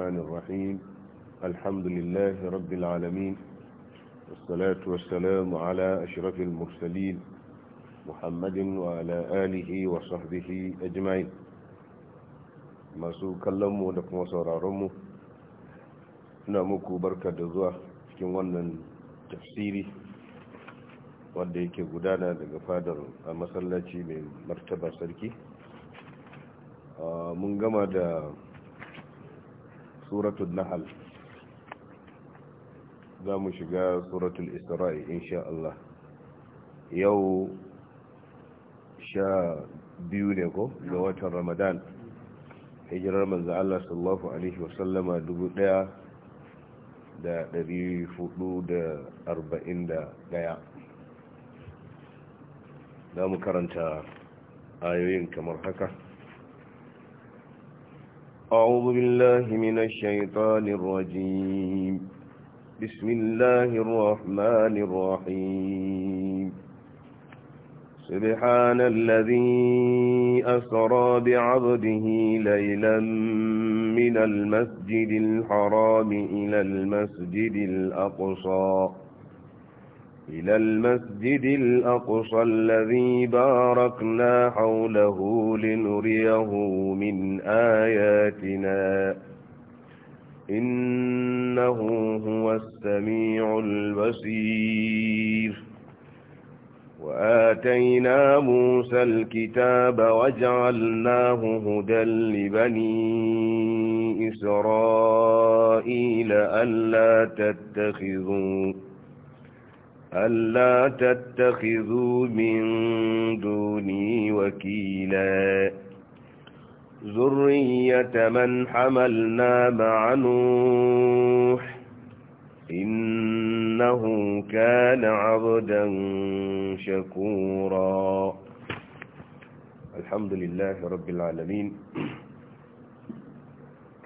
الرحمن الرحيم الحمد لله رب العالمين والصلاة والسلام على أشرف المرسلين محمد وعلى آله وصحبه أجمعين ما سوكلم ودكما سرارمو نامكو بركة دزوة كنوانا تفسيري wanda yake gudana daga fadar a masallaci mai martaba sarki mun gama da Suratun nahal za mu shiga suratul isra'i insha Allah yau sha biyu ne ko ga watan ramadan hijirar manzo Allah sallallahu alaihi Sallama dubu daya da dari hudu da arba'in da daya za mu karanta ayoyin kamar haka أعوذ بالله من الشيطان الرجيم بسم الله الرحمن الرحيم سبحان الذي أسرى بعبده ليلا من المسجد الحرام إلى المسجد الأقصى إلى المسجد الأقصى الذي باركنا حوله لنريه من آياتنا إنه هو السميع البصير وآتينا موسى الكتاب وجعلناه هدى لبني إسرائيل ألا تتخذوا ألا تتخذوا من دوني وكيلا ذرية من حملنا مع نوح إنه كان عبدا شكورا الحمد لله رب العالمين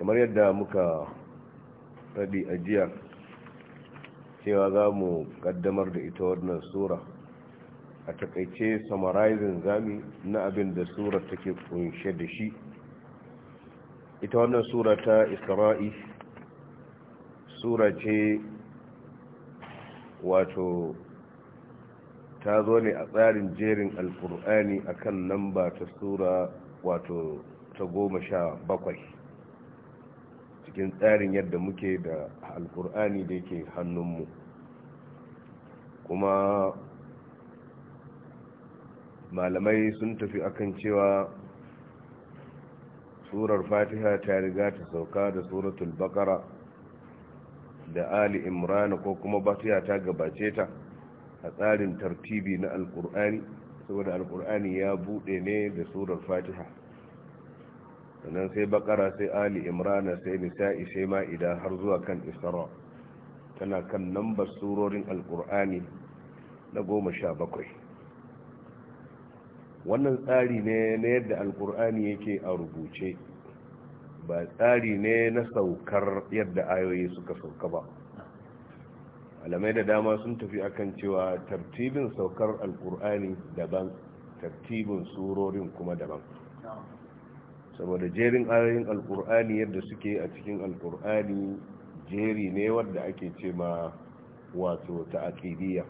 كما يدى مكا ربي أجيك cewa za mu kaddamar da ita wannan sura a takaice summarizing zami na abin da sura take kunshe da shi ita wannan sura ta isra'i sura ce wato ta zo ne a tsarin jerin alkur'ani akan lamba ta sura wato ta goma sha bakwai cikin tsarin yadda muke da alkur'ani da yake hannunmu kuma malamai sun tafi akan cewa surar fatiha ta riga ta sauka da suratul bakara da ali imrana ko kuma fatiha ta gabace ta a tsarin tartibi na alkur'ani saboda alkur'ani ya bude ne da surar fatiha sannan sai bakara sai ali imrana sai nisa'i sai ma'ida har zuwa kan isra tana kan nambar surorin alkur'ani na goma sha bakwai wannan tsari ne na yadda alkur'ani yake a rubuce ba tsari ne na saukar yadda ayoyi suka sauka ba alamai da dama sun tafi akan cewa tartibin saukar alkur'ani daban tartibin surorin kuma daban saboda jerin ayoyin alkur'ani yadda suke a cikin alkur'ani jeri ne wadda ake ce ma wato ta'aqidiyya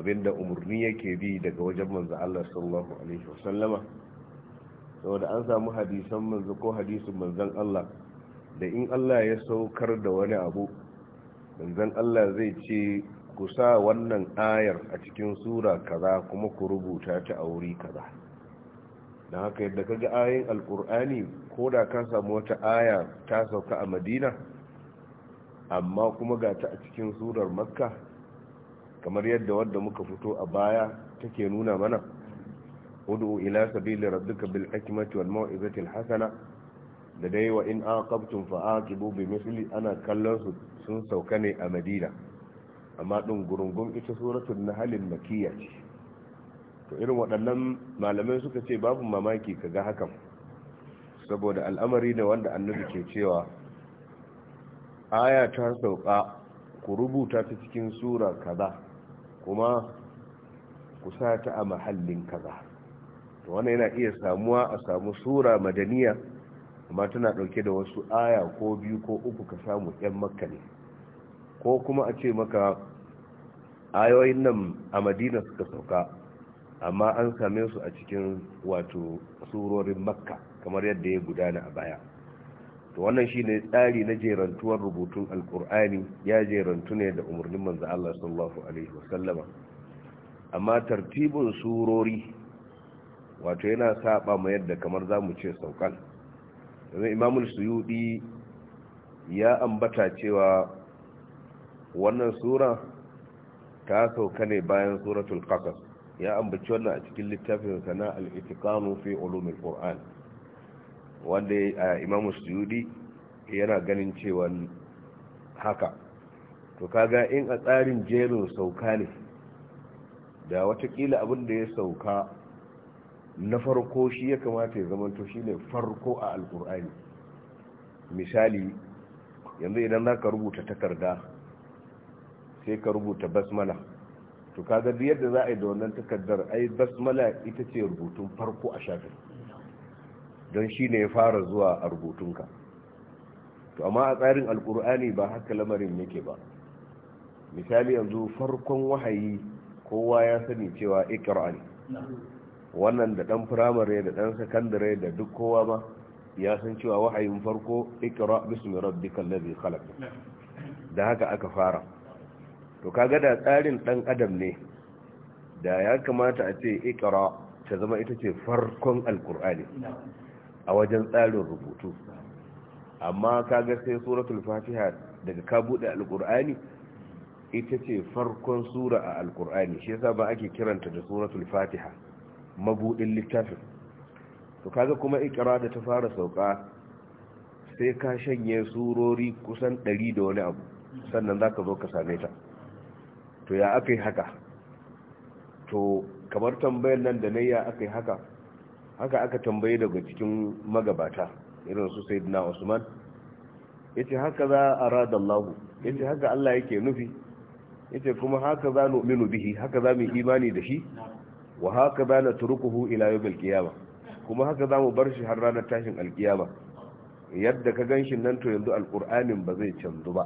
abinda umarni yake bi daga wajen manzo Allah sallallahu alaihi wasallama saboda an samu hadisan manzo ko hadisin manzon Allah da in Allah ya saukar da wani abu manzon Allah zai ce ku sa wannan ayar a cikin sura kaza kuma ku rubuta ta a wuri kaza don haka yadda ka ga ayin alkur'ani ko da kan samu wata aya ta sauka a madina amma kuma ga ta a cikin surar makka kamar yadda wadda muka fito a baya take nuna mana hudu ila sabili rabbika bil hikmati wal mau'izati al hasana da dai wa in aqabtum fa aqibu bi misli ana kallon su sun sauka ne a madina amma din gurungun ita suratul nahl makkiyya to irin waɗannan malamai suka ce babu mamaki ka ga hakan saboda al'amari da wanda annabi ke cewa aya ta sauka ku rubuta ta cikin sura kaza kuma ku sa ta a mahallin kaza to wannan yana iya samuwa a samu sura madaniya amma tana ɗauke da wasu aya ko biyu ko uku ka samu 'yan makka ne ko kuma a ce maka ayoyin nan a madina suka sauka amma an same su a cikin wato surorin makka kamar yadda ya gudana a baya to wannan shine tsari na jerantuwar rubutun alkur'ani ya jerantu ne da umarnin manzo Allah sallallahu alaihi wasallama amma tartibin surori wato yana saba ma yadda kamar zamu ce saukan yanzu imamu suyudi ya ambata cewa wannan sura ta sauka ne bayan suratul qasas ya ambaci wannan a cikin littafin sana al-itiqanu fi ulumil qur'an wanda imam suyudi yana ganin cewa haka to kaga in a tsarin jerin sauka ne da watakila abin da ya sauka na farko shi ya kamata ya zamanto shi ne farko a alkur'ani misali yanzu idan za ka rubuta takarda sai ka rubuta basmala to kaga biyar yadda za a yi da wannan takardar ai basmala ita ce rubutun farko a shafin don shi ne ya fara zuwa a rubutunka to amma a tsarin alkur'ani ba haka lamarin yake ba misali yanzu farkon wahayi kowa ya sani cewa ikra wannan da dan firamare da dan sakandare da duk kowa ma ya san cewa wahayin farko ikra bismi rabbikal ladhi khalaq da haka aka fara to kaga da tsarin dan adam ne da ya kamata a ce ikra ta zama ita ce farkon alkur'ani a wajen tsarin rubutu amma kaga sai suratul fatiha daga ka bude alkur'ani ita ce farkon sura a alkur'ani shi yasa ba ake kiranta da suratul fatiha mabudin littafin to kaga kuma ikra da ta fara sauka sai ka shanye surori kusan 100 da wani abu sannan zaka zo ka same ta to ya aka yi haka to kamar tambayar nan da na ya aka yi haka haka aka tambaye daga cikin magabata irin su sai na usman ya ce haka za a rada allahu ya ce haka allah yake nufi ya ce kuma haka za nominu bihi haka za mu imani da shi wa haka za na turukuhu ila yau kuma haka za mu bar shi har ranar tashin alkiyama yadda ka gan shi nan to yanzu alkur'anin ba zai canzu ba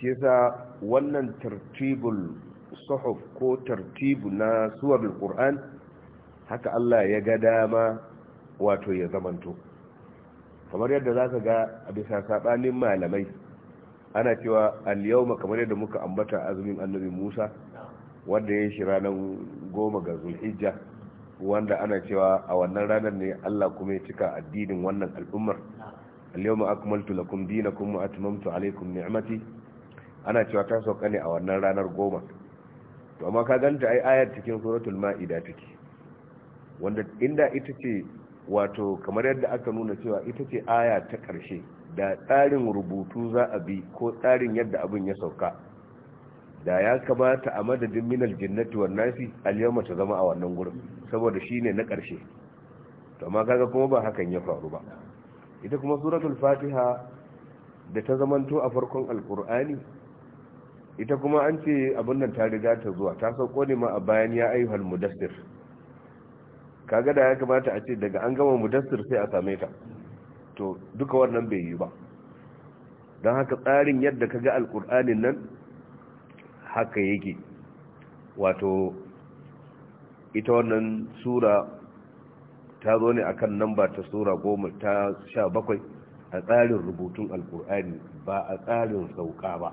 shi yasa wannan tartibul suhuf ko tartibu na suwar alquran haka Allah ya ga dama wato ya zamanto kamar yadda zaka ga a bisa sabanin malamai ana cewa al-yawma kamar yadda muka ambata azumin annabi Musa wanda ya shi ranar 10 ga Zulhijja wanda ana cewa a wannan ranar ne Allah kuma ya cika addinin wannan al'ummar al-yawma akmaltu lakum dinakum wa atmamtu alaykum ni'mati ana cewa ta sauka ne a wannan ranar goma to amma ka ganta ai ayar cikin suratul ma'ida take wanda inda ita ce wato kamar yadda aka nuna cewa ita ce aya ta karshe da tsarin rubutu za a bi ko tsarin yadda abin ya sauka da ya kamata a madadin minal jinnati wan nasi al-yawma ta zama a wannan gurin saboda shine na karshe to amma kaga kuma ba hakan ya faru ba ita kuma suratul fatiha da ta zamanto a farkon alqur'ani ita kuma an ce abin nan ta riga ta zuwa ta sauko ne ma a bayan ya ayyuhal mudassir kaga da ya kamata a ce daga an gama mudassir sai a same ta to duka wannan bai yi ba don haka tsarin yadda ka ga alkur'anin nan haka yake wato ita wannan sura ta zo ne akan namba ta sura goma ta sha bakwai a tsarin rubutun alkur'ani ba a tsarin sauka ba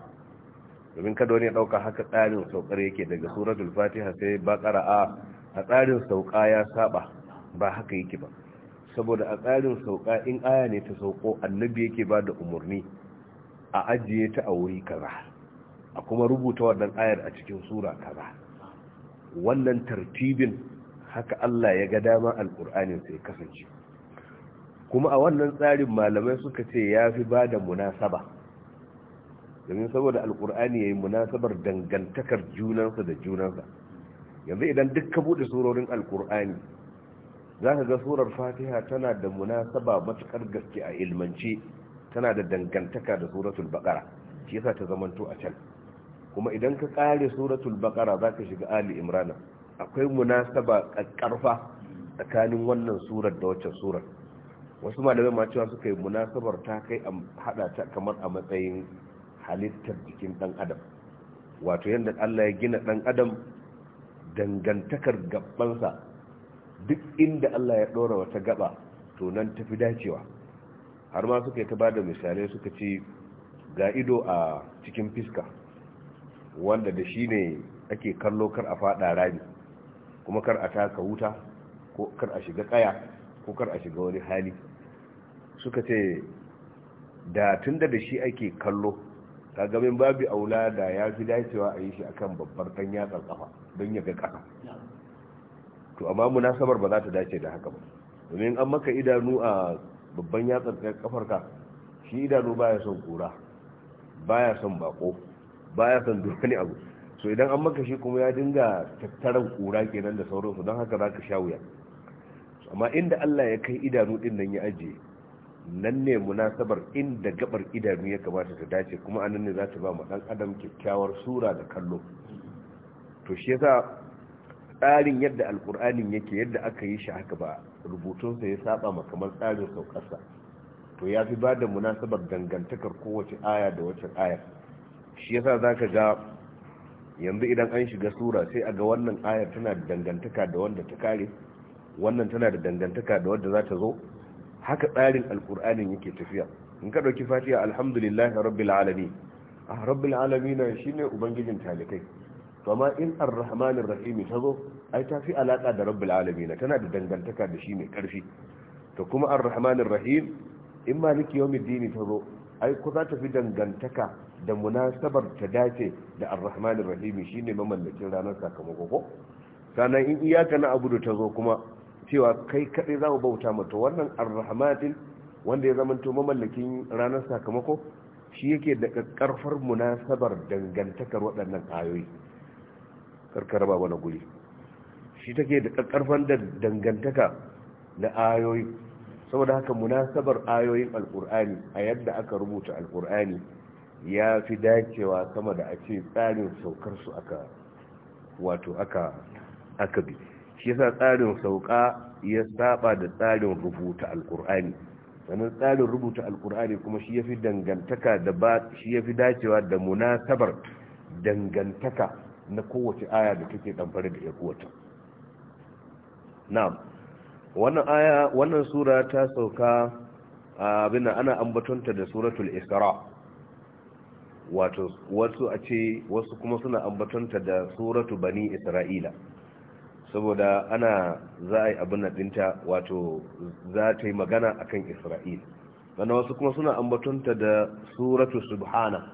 domin kada wani ya haka tsarin saukar yake daga suratul fatiha sai ba ƙara'a. a tsarin sauka ya saba ba haka yake ba saboda a tsarin sauka in aya ne ta sauko annabi yake ba da umarni a ajiye ta a wuri kaza a kuma rubuta wannan ayar a cikin sura kaza wannan tartibin haka Allah ya ga dama alƙur'anin sai kasance kuma a wannan tsarin malamai suka ce ya fi ba munasaba domin saboda alkur'ani ya yi munasabar dangantakar junansa da junansa yanzu idan duk ka buɗe surorin alkur'ani za ka ga surar fatiha tana da munasaba matuƙar gaske a ilmance tana da dangantaka da suratul baƙara shi yasa ta zamanto a can kuma idan ka ƙare suratul baƙara za ka shiga ali imrana akwai munasaba ƙarfa tsakanin wannan surar da waccan surar wasu malamai ma cewa suka yi munasabar ta kai a haɗa ta kamar a matsayin halittar jikin ɗan adam wato yadda Allah ya gina ɗan adam dangantakar gabansa duk inda Allah ya ɗora wata gaba to nan tafi dacewa har ma suka ta bada misalai suka ci ga ido a cikin fiska wanda da shi ne ake kallo kar a fada rami kuma kar a taka wuta ko kar a shiga kaya ko kar a shiga wani hali suka ce da tunda da shi ake kallo kaga min babu aula da ya fi dacewa a yi shi akan babbar dan yatsar kafa don ya ga kafa to amma munasabar ba za ta dace da haka ba domin an maka idanu a babban yatsar kafar ka shi idanu baya son kura baya son bako baya son duk wani abu so idan an maka shi kuma ya dinga tattaran kura kenan da sauransu don haka za ka sha wuya amma inda Allah ya kai idanu din nan ya ajiye nan ne munasabar inda gabar idanu ya kamata ta dace kuma anan ne za ta ba mu dan adam kyakkyawar sura da kallo to shi yasa tsarin yadda alkur'anin yake yadda aka yi shi haka ba rubutunsa ya saba ma kamar tsarin saukarsa to ya fi ba da munasabar dangantakar kowace aya da wacce ayar shi yasa za ka ga yanzu idan an shiga sura sai a ga wannan ayar tana da dangantaka da wanda ta kare wannan tana da dangantaka da wanda za ta zo haka tsarin alkur'anin yake tafiya in ka ɗauki fatiha alhamdulillah rabbil alamin ah rabbil shi shine ubangijin talikai to in arrahmanir rahim ta zo ai ta fi alaƙa da rabbil na tana da dangantaka da shi mai karfi to kuma arrahmanin rahim in maliki yawmiddin ta zo ai ku za ta fi dangantaka da munasabar ta dace da arrahmanir rahim shine mamallakin ranar sakamako ko sannan in iyaka na abudu ta zo kuma cewa kai kaɗai za mu bauta mata wannan arrahmatin wanda ya zamanto mamallakin ranar sakamako shi yake da ƙarfar munasabar dangantakar waɗannan ayoyi karkar ba wani guri shi take da ƙarfar dangantaka na ayoyi saboda haka munasabar ayoyin alƙur'ani a yadda aka rubuta alkur'ani ya fi dacewa sama da a ce tsarin saukarsu aka wato aka bi shi yasa tsarin sauka ya saba da tsarin rubuta alkur'ani sanin tsarin rubuta alkur'ani kuma shi yafi dangantaka da ba shi yafi dacewa da munasabar dangantaka na kowace aya da take damfare da yakuwata na'am wannan aya wannan sura ta sauka abin ana ambatonta da suratul isra' wato wasu a ce wasu kuma suna ambatonta da suratu bani isra'ila saboda ana za a yi abin na dinta wato za ta yi magana a kan isra'il wannan wasu kuma suna ambatunta da suratu subhana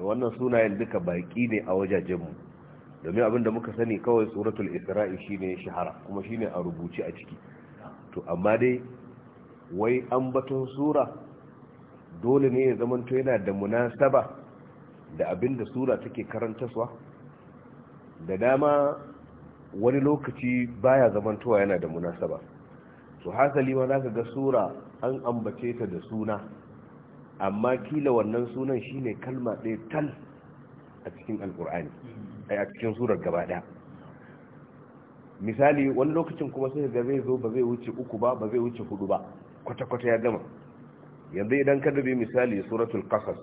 wannan sunayen duka baƙi ne a wajajenmu domin abin da muka sani kawai suratul israil shi ne shahara kuma shi ne a rubuce a ciki to amma dai wai ambaton sura dole ne ya zamanto yana da munasaba da abin da sura take karantaswa da dama wani lokaci baya zamantowa yana da munasaba to hasali ma zaka ga sura an ambace ta da suna amma kila wannan sunan shine kalma ɗaya tal a cikin alkur'ani a cikin surar gaba ɗaya misali wani lokacin kuma sai ga zai zo ba zai wuce uku ba ba zai wuce hudu ba kwata-kwata ya gama yanzu idan ka dabe misali suratul qasas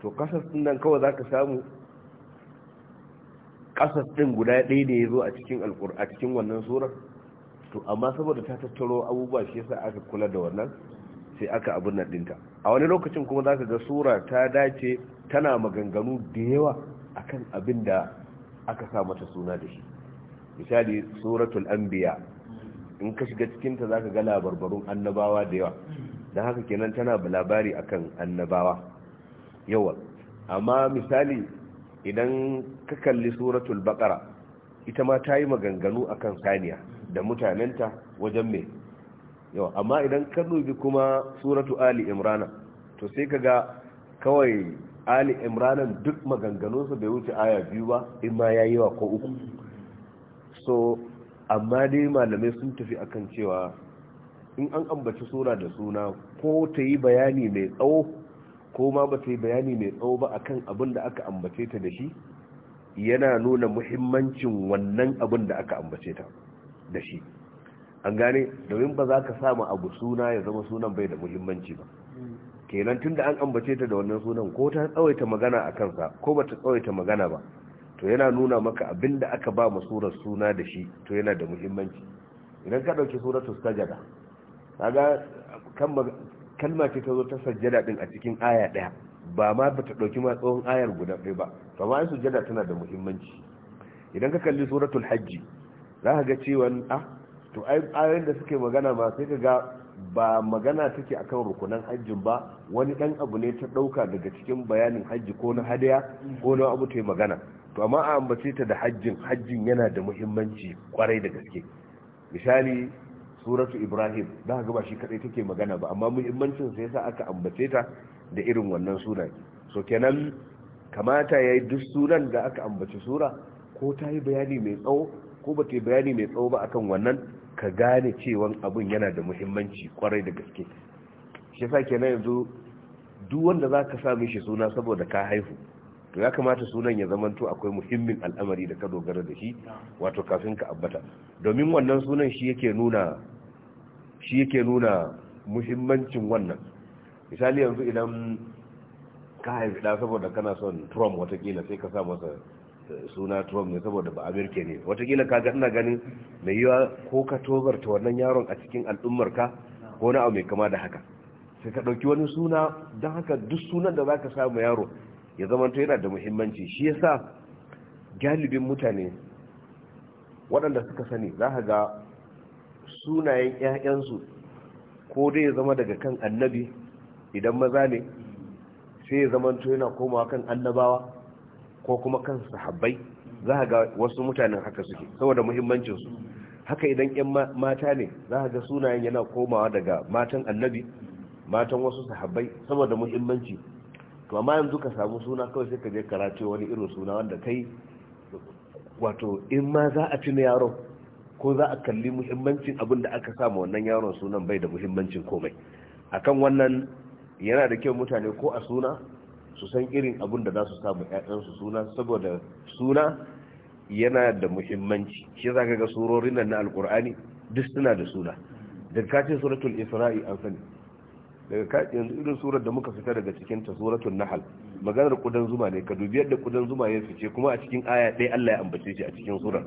to qasas din nan kawai zaka samu kasas ɗin guda ɗaya ne ya zo a cikin alkur cikin wannan surar to amma saboda ta tattaro abubuwa shi yasa aka kula da wannan sai aka abin nan ɗinta a wani lokacin kuma za ka ga sura ta dace tana maganganu da yawa akan abin da aka sa mata suna da shi misali suratul anbiya in ka shiga cikinta za ka ga labarbarun annabawa da yawa dan haka kenan tana labari akan annabawa yawa amma misali idan ka kalli suratul baqara ita ma ta yi maganganu akan saniya da mutanenta wajen mai yawa amma idan ka dubi kuma suratu ali imrana to sai ka ga kawai ali imranan duk maganganunsa bai wuce aya biyu ba in ma ya yi wa ko uku so amma dai malamai sun tafi akan cewa in an ambaci sura da suna ko ta yi bayani mai tsawo ko ma ba ta yi bayani mai tsawo ba akan abin da aka ambace ta da shi yana nuna muhimmancin wannan abin da aka ambace ta da shi an gane domin ba za ka samu abu suna ya zama sunan bai da muhimmanci ba kenan tun da an ambace ta da wannan sunan ko ta tsawaita magana a kansa ko ba ta tsawaita magana ba to yana nuna maka abin da aka ba masurar suna da shi to yana da muhimmanci idan ka ɗauki suratul sajada kaga kan kalma ce ta zo ta sajjada din a cikin aya ɗaya ba ma ba ta ɗauki ma tsawon ayar guda ɗaya ba to ma sujjada tana da muhimmanci idan ka kalli suratul hajji za ka ga cewa ah to ayoyin da suke magana ma sai ka ga ba magana take akan rukunan hajjin ba wani ɗan abu ne ta ɗauka daga cikin bayanin hajji ko na hadaya ko na abu ta magana to amma a ambace ta da hajjin hajjin yana da muhimmanci kwarai da gaske misali suratu ibrahim za ga ba shi kadai take magana ba amma muhimmancin sa yasa aka ambace ta da irin wannan sura so kenan kamata yayi duk sunan da aka ambace sura ko ta yi bayani mai tsawo ko ba ta yi bayani mai tsawo ba akan wannan ka gane cewa abun yana da muhimmanci kwarai da gaske shi yasa kenan yanzu duk wanda za ka mishi suna saboda ka haihu to ya kamata sunan ya zamanto akwai muhimmin al'amari da ka dogara da shi wato kafin ka abbata domin wannan sunan shi yake nuna shi yake nuna muhimmancin wannan misali yanzu idan ka haifi da saboda kana son trump watakila sai ka sa masa suna trump ne saboda ba amirke ne watakila ka ga ina ganin mai yiwa ko ka ta wannan yaron a cikin al'ummar ka ko na abu mai kama da haka sai ka ɗauki wani suna don haka duk sunan da za ka samu yaro ya to yana da muhimmanci shi yasa galibin mutane waɗanda suka sani za ka ga sunayen ƴaƴansu ko dai ya zama daga kan annabi idan maza ne sai ya zama to yana komawa kan annabawa ko kuma kan sahabbai za ga wasu mutanen haka suke saboda muhimmancinsu haka idan ƴan mata ne za ga sunayen yana komawa daga matan annabi matan wasu sahabbai saboda muhimmanci to amma yanzu ka samu suna kawai sai ka je karatu wani irin suna wanda kai wato in ma za a tuna yaron ko za a kalli muhimmancin abin da aka samu wannan yaron sunan bai da muhimmancin komai akan wannan yana da kyau mutane ko a suna su san irin abin da za su samu ƴaƴansu suna saboda suna yana da muhimmanci shi za ka ga surorin nan na alkur'ani duk suna da suna daga kacin suratul isra'i an sani daga yanzu irin surar da muka fita daga cikin ta suratul nahal maganar kudan zuma ne ka dubi yadda kudan zuma ya fice kuma a cikin aya ɗaya Allah ya ambace shi a cikin surar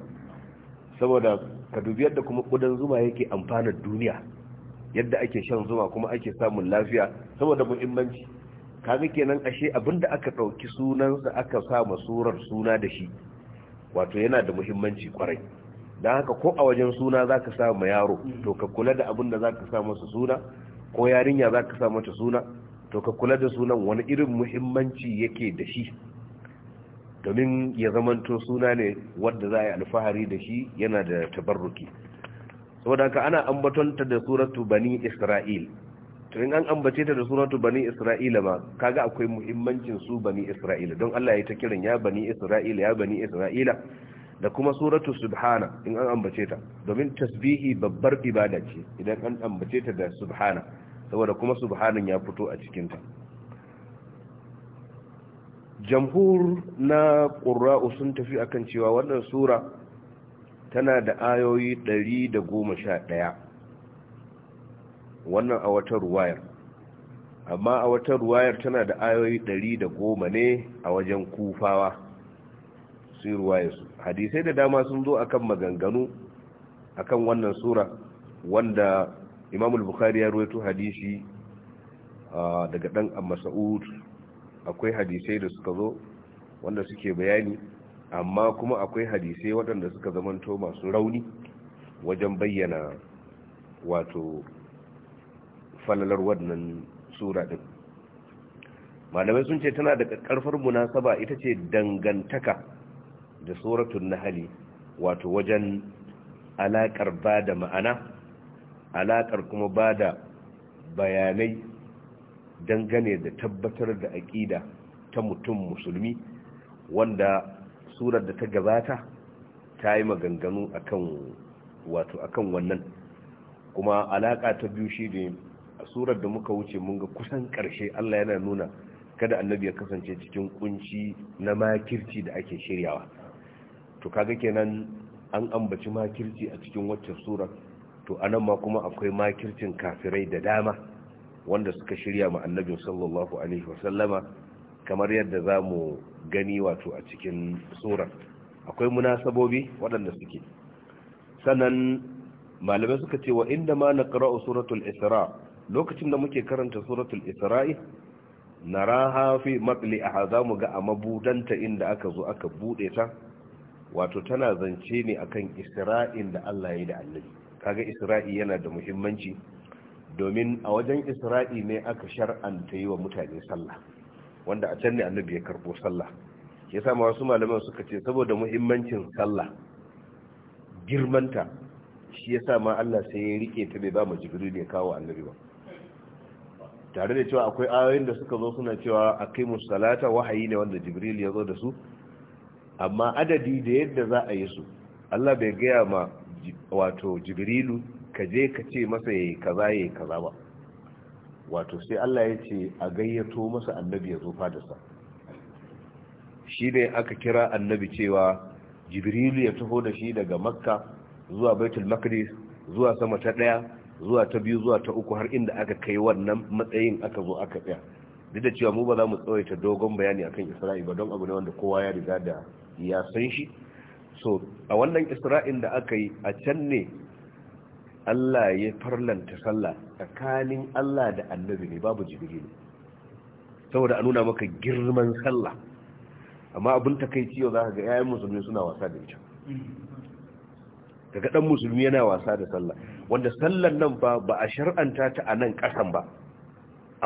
saboda ka dubi yadda kuma kudin zuma yake amfanar duniya yadda ake shan zuma kuma ake samun lafiya saboda muhimmanci kaga kenan ashe abinda aka ɗauki sunansa aka sa masurar suna da shi wato yana da muhimmanci kwarai don haka ko a wajen suna za ka sa ma yaro to ka kula da abinda za ka sa masa suna ko yarinya za ka sa mata suna to ka kula da sunan wani irin muhimmanci yake da shi domin ya zamanto suna ne wadda za a yi alfahari da shi yana da tabarruki saboda ka ana ambatonta da suratu bani isra'il to in an ambace ta da suratu bani isra'ila ma kaga akwai muhimmancin su bani isra'ila don Allah ya ta kiran ya bani isra'ila ya bani isra'ila da kuma suratu subhana in an ambace ta domin tasbihi babbar ibada ce idan an ambace ta da subhana saboda kuma subhanan ya fito a cikinta. ta jamhur na ƙura'u sun tafi akan cewa wannan sura tana da ayoyi 111 wannan a wata ruwayar amma a wata ruwayar tana da ayoyi 110 ne a wajen kufawa su ruwayarsu hadisai da dama sun zo akan maganganu akan wannan sura wanda imamul bukhari ya ruwaito hadisi ah, daga dan sa'udu akwai hadisai da suka zo wanda suke bayani amma kuma akwai hadisai waɗanda suka zamanto masu rauni wajen bayyana wato falalar wannan sura ɗin malamai sun ce tana da ƙarfar munasaba ita ce dangantaka da suratun hali wato wajen alaƙar ba da ma'ana alaƙar kuma ba da bayanai dangane da tabbatar da aƙida ta mutum musulmi wanda surar da ta gabata ta yi maganganu akan wato wannan kuma alaƙa ta biyu shi ne a surar da muka wuce mun ga kusan ƙarshe Allah yana nuna kada annabi ya kasance cikin kunci na makirci da ake shiryawa to kaga kenan an ambaci makirci a cikin waccan surar to anan ma kuma akwai makircin kafirai da dama wanda suka shirya ma annabi sallallahu alaihi wasallama kamar yadda za mu gani wato a cikin sura. akwai munasabobi waɗanda suke sannan malamai suka ce wa inda ma na ƙara'u suratul isra lokacin da muke karanta suratul isra'i na raha fi matsali a ga a mabudanta inda aka zo aka buɗe ta wato tana zance ne akan isra'in da allah ya yi da annabi kaga isra'i yana da muhimmanci domin a wajen isra'i ne aka shar'anta yi wa mutane sallah wanda a can ne annabi ya karbo sallah ya sama wasu malaman suka ce saboda muhimmancin sallah girmanta shi ya sa Allah sai ya rike ta bai ba mu jibiru ya kawo annabi ba tare da cewa akwai ayoyin da suka zo suna cewa a kai musalata wahayi ne wanda jibril ya zo da su amma adadi da yadda za a yi su Allah bai gaya ma wato jibrilu ka je ka ce masa yayi kaza yayi kaza ba wato sai Allah ya ce a gayyato masa annabi ya zo fadarsa shi ne aka kira annabi cewa jibrilu ya taho da shi daga makka zuwa baitul maqdis zuwa sama ta ɗaya, zuwa ta biyu zuwa ta uku har inda aka kai wannan matsayin aka zo aka tsaya duk da cewa mu ba za mu tsawaita dogon bayani akan isra'i ba don abu ne wanda kowa ya riga da ya san shi so a wannan isra'in da aka yi a can ne Allah ya farlanta sallah tsakanin Allah da annabi ne babu jibrilu saboda a nuna maka girman sallah amma abin takaici yau za ka ga 'ya'yan musulmi suna wasa da ita daga ɗan musulmi yana wasa da sallah wanda sallan nan ba ba a shar'anta ta a nan ƙasan ba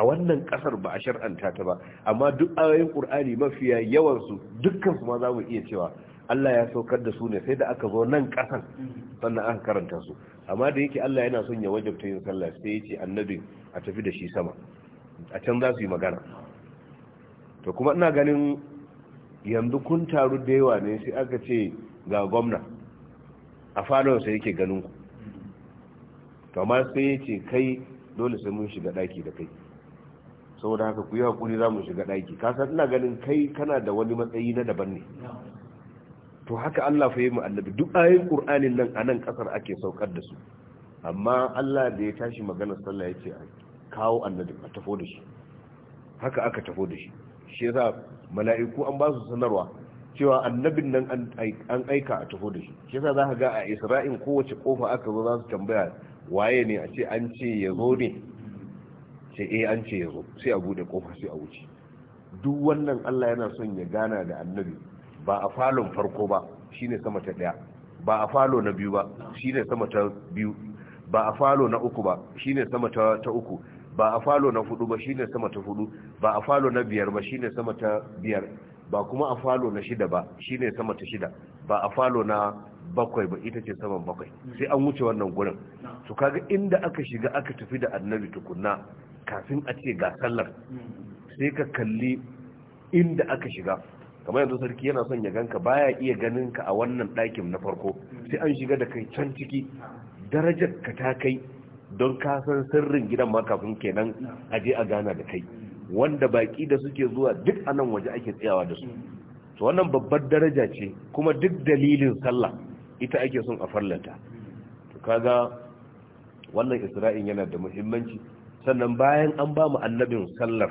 a wannan ƙasar ba a shar'anta ta ba amma duk ayoyin ƙur'ani mafiya yawansu dukkansu ma za mu iya cewa Allah ya saukar da su ne sai da aka zo nan kasan sannan aka karanta su amma da yake Allah yana son ya wajabta yin sallah sai ya ce annabi a tafi da shi sama a can za su yi magana to kuma ina ganin yanzu kun taru da yawa ne sai aka ce ga gwamna a sai yake ganin ku to amma sai ya ce kai dole sai mun shiga daki da kai saboda haka ku yi hakuri za mu shiga daki kasan ina ganin kai kana da wani matsayi na daban ne to haka Allah fa yi mu annabi duk ayoyin Qur'anin nan a nan kasar ake saukar da su amma Allah da ya tashi magana sallah yace a kawo annabi a tafo da shi haka aka tafo da shi shi yasa mala'iku an ba su sanarwa cewa annabin nan an aika a tafo da shi shi yasa zaka ga a Isra'in kowace kofa aka zo za su tambaya waye ne a ce an ce ya zo ne sai eh an ce ya zo sai a bude kofa sai a wuce duk wannan Allah yana son ya gana da annabi ba a falon farko ba shine sama ta daya ba a falo na biyu ba shine sama ta biyu ba a falo na uku ba shine sama ta, ta uku ba a falo na hudu ba shine sama ta hudu ba a falo na biyar ba shine sama ta biyar ba kuma a falo na shida ba shine sama ta shida ba a falo na bakwai ba ita ce saman bakwai sai an wuce wannan gurin su kaga inda aka shiga aka tafi da annabi tukunna kafin a ce ga sallar sai ka kalli inda aka shiga kamar yanzu sarki yana son ya ganka baya iya ganin ka a wannan ɗakin na farko sai an shiga da kai can ciki darajar ka ta kai don ka san sirrin gidan ma kafin kenan a je a gana da kai wanda baki da suke zuwa duk a nan waje ake tsayawa da su to wannan babbar daraja ce kuma duk dalilin sallah ita ake son a farlanta to kaga wannan isra'in yana da muhimmanci sannan bayan an ba mu annabin sallar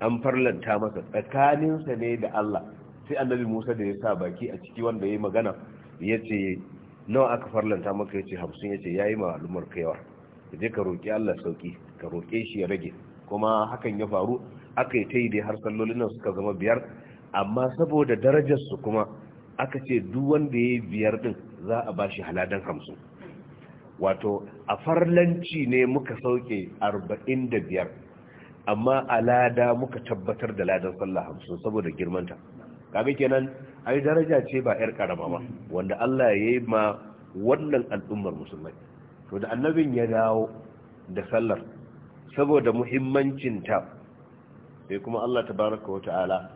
an farlanta masa tsakaninsa ne da Allah sai annabi Musa da ya sa baki a ciki wanda ya yi magana ya ce nawa aka farlanta maka ya ce hamsin ya ce ya yi ma'alumar kaiwa ya je ka roƙi Allah sauƙi ka roƙe shi ya rage kuma hakan ya faru aka yi ta dai har sallolin nan suka zama biyar amma saboda darajarsu kuma aka ce duk wanda ya yi biyar din za a ba shi haladan hamsin wato a farlanci ne muka sauke arba'in da biyar amma a lada muka tabbatar da ladan sallah hamsin saboda girmanta kamar kenan a yi daraja ce ba yar karama ba wanda Allah ya yi ma wannan al'ummar musulmai to da annabin ya dawo da sallar saboda muhimmancinta sai kuma Allah ta wa wata'ala